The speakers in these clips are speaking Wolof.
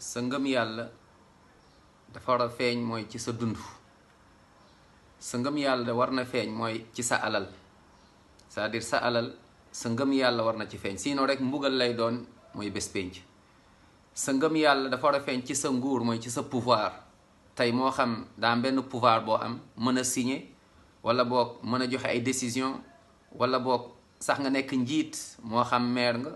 sa ngëm yàlla dafa war a feeñ mooy ci sa dund sa ngëm yàlla war na feeñ mooy ci sa alal sa à sa alal sa ngëm yàlla war na ci feeñ sinon rek mbugal lay doon mooy bés pénc sa ngëm yàlla dafa war a feeñ ci sa nguur mooy ci sa pouvoir tey moo xam daa am benn pouvoir boo am mën a signer wala boog mën a joxe ay décision walla book sax nga nekk njiit moo xam maire nga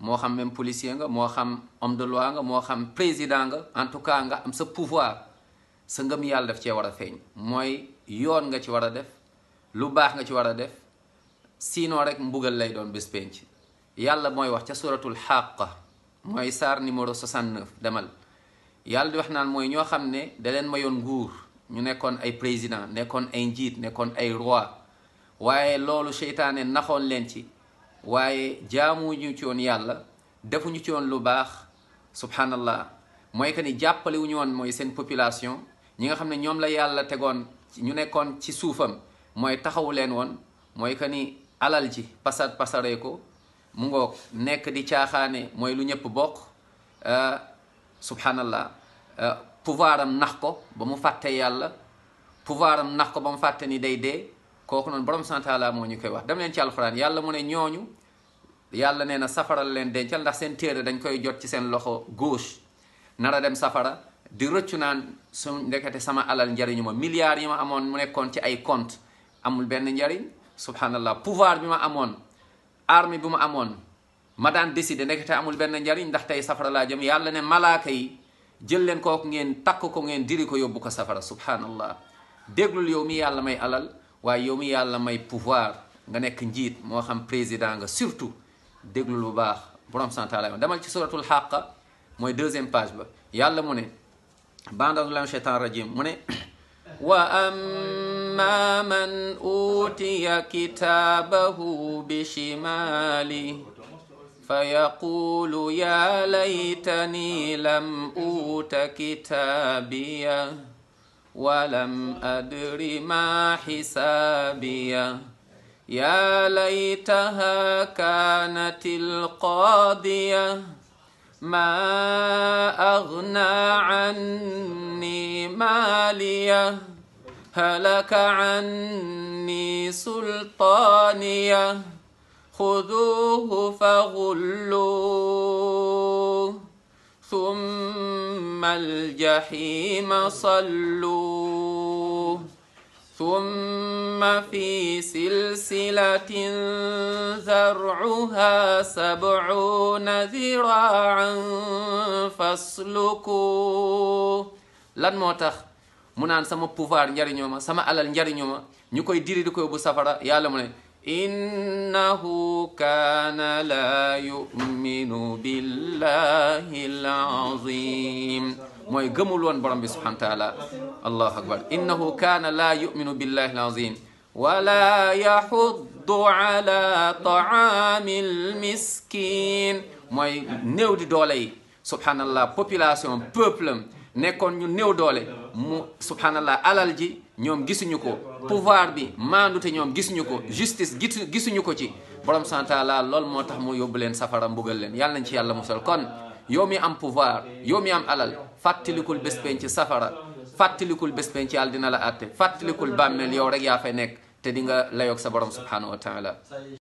moo xam même policier nga moo xam homme de loi nga moo xam président nga en tout cas nga am sa pouvoir sa ngëm yàlla daf cee war a feeñ mooy yoon nga ci war a def lu baax nga ci war a def sinon rek mbugal lay doon bés penc yàlla mooy wax ca suratul xàq mooy saar numéro 69 demal yàlla di wax naan mooy ñoo xam ne da leen mayoon nguur ñu nekkoon ay président nekkoon ay njiit nekkoon ay roi waaye loolu seytaane naxoon leen ci waaye jaamuñu ci woon yàlla defuñu ci woon lu baax subhanallah mooy que ni jàppale wuñu woon mooy seen population ñi nga xam ne ñoom la yàlla tegoon ñu nekkoon ci suufam mooy taxawu leen woon mooy que ni alal ji pasar pasaree ko mu ngoog nekk di caaxaane mooy lu ñëpp bokk euh, subhanallah euh, pouvoir am nax ko ba mu fàtte yàlla pouvoir am nax ko ba mu fàtte ni day dee kooku noon borom sant taala moo ñu koy wax dem leen ci alxuraan yàlla mu ne ñooñu yàlla nee na safaral leen dencal ndax seen téere dañ koy jot ci seen loxo gauche nar a dem safara di rëccu naan su ndekete sama alal njariñu ma milliards yi ma amoon mu nekkoon ci ay compte amul benn njariñ subhanallah pouvoir bi ma amoon armée bi ma amoon ma daan décider ndekete amul benn njariñ ndax tey safara laa jëm yàlla ne malaaka yi jël leen kooku ngeen takk ko ngeen diri ko yóbbu ko safara subhanallah déglul yow mi may alal waaye yow mi yàlla may pouvoir nga nekk njiit moo xam président nga surtout déglul bu baax borom santaala demal ci suratul xàqa mooy deuxième page ba yàlla mu ne bandaulam cheytan rajim mu ne wa amma man utiya kitaabahu bi shimali fa yaqulu ya laytani lam uta kitaabiya ولم أدر ما حسابيه يا ليتها كانت القاضية ما أغنى عني ماليه هلك عني سلطانيه خذوه فغلوه ثم ثم الجحيم صلوه ثم في سلسلة ذرعها سبعون ذراعا فاسلكوه lan moo tax mu naan sama pouvoir njariñoo ma sama alal njariñoo ma ñu koy diri di koy bu safara yàlla mu ne إنه كان لا يؤمن بالله العظيم mooy gëmul woon borom bi subhanahu wa taala allahu akbar innahu kaana laa yuminu billahi alazim wala yaxuddu ala taami lmiskin mooy néew di doole yi subhanallah population peuple nekkoon ñu néew doole mu subhanallah alal ji ñoom gisuñu ko pouvoir bi maandu te ñoom gisuñu ko justice gisuñu ko ci borom santaala loolu moo mu yóbbu leen safara mbugal leen yàlla nañ ci yàlla musal kon yow mi am pouvoir yow mi am alal fàttalikul bés penc safara fàttalikul bés penc ci yàlla la àtte fàttalikul bàmmeel yow rek yaa fay nekk te di nga layoog sa borom subhanahu wa taala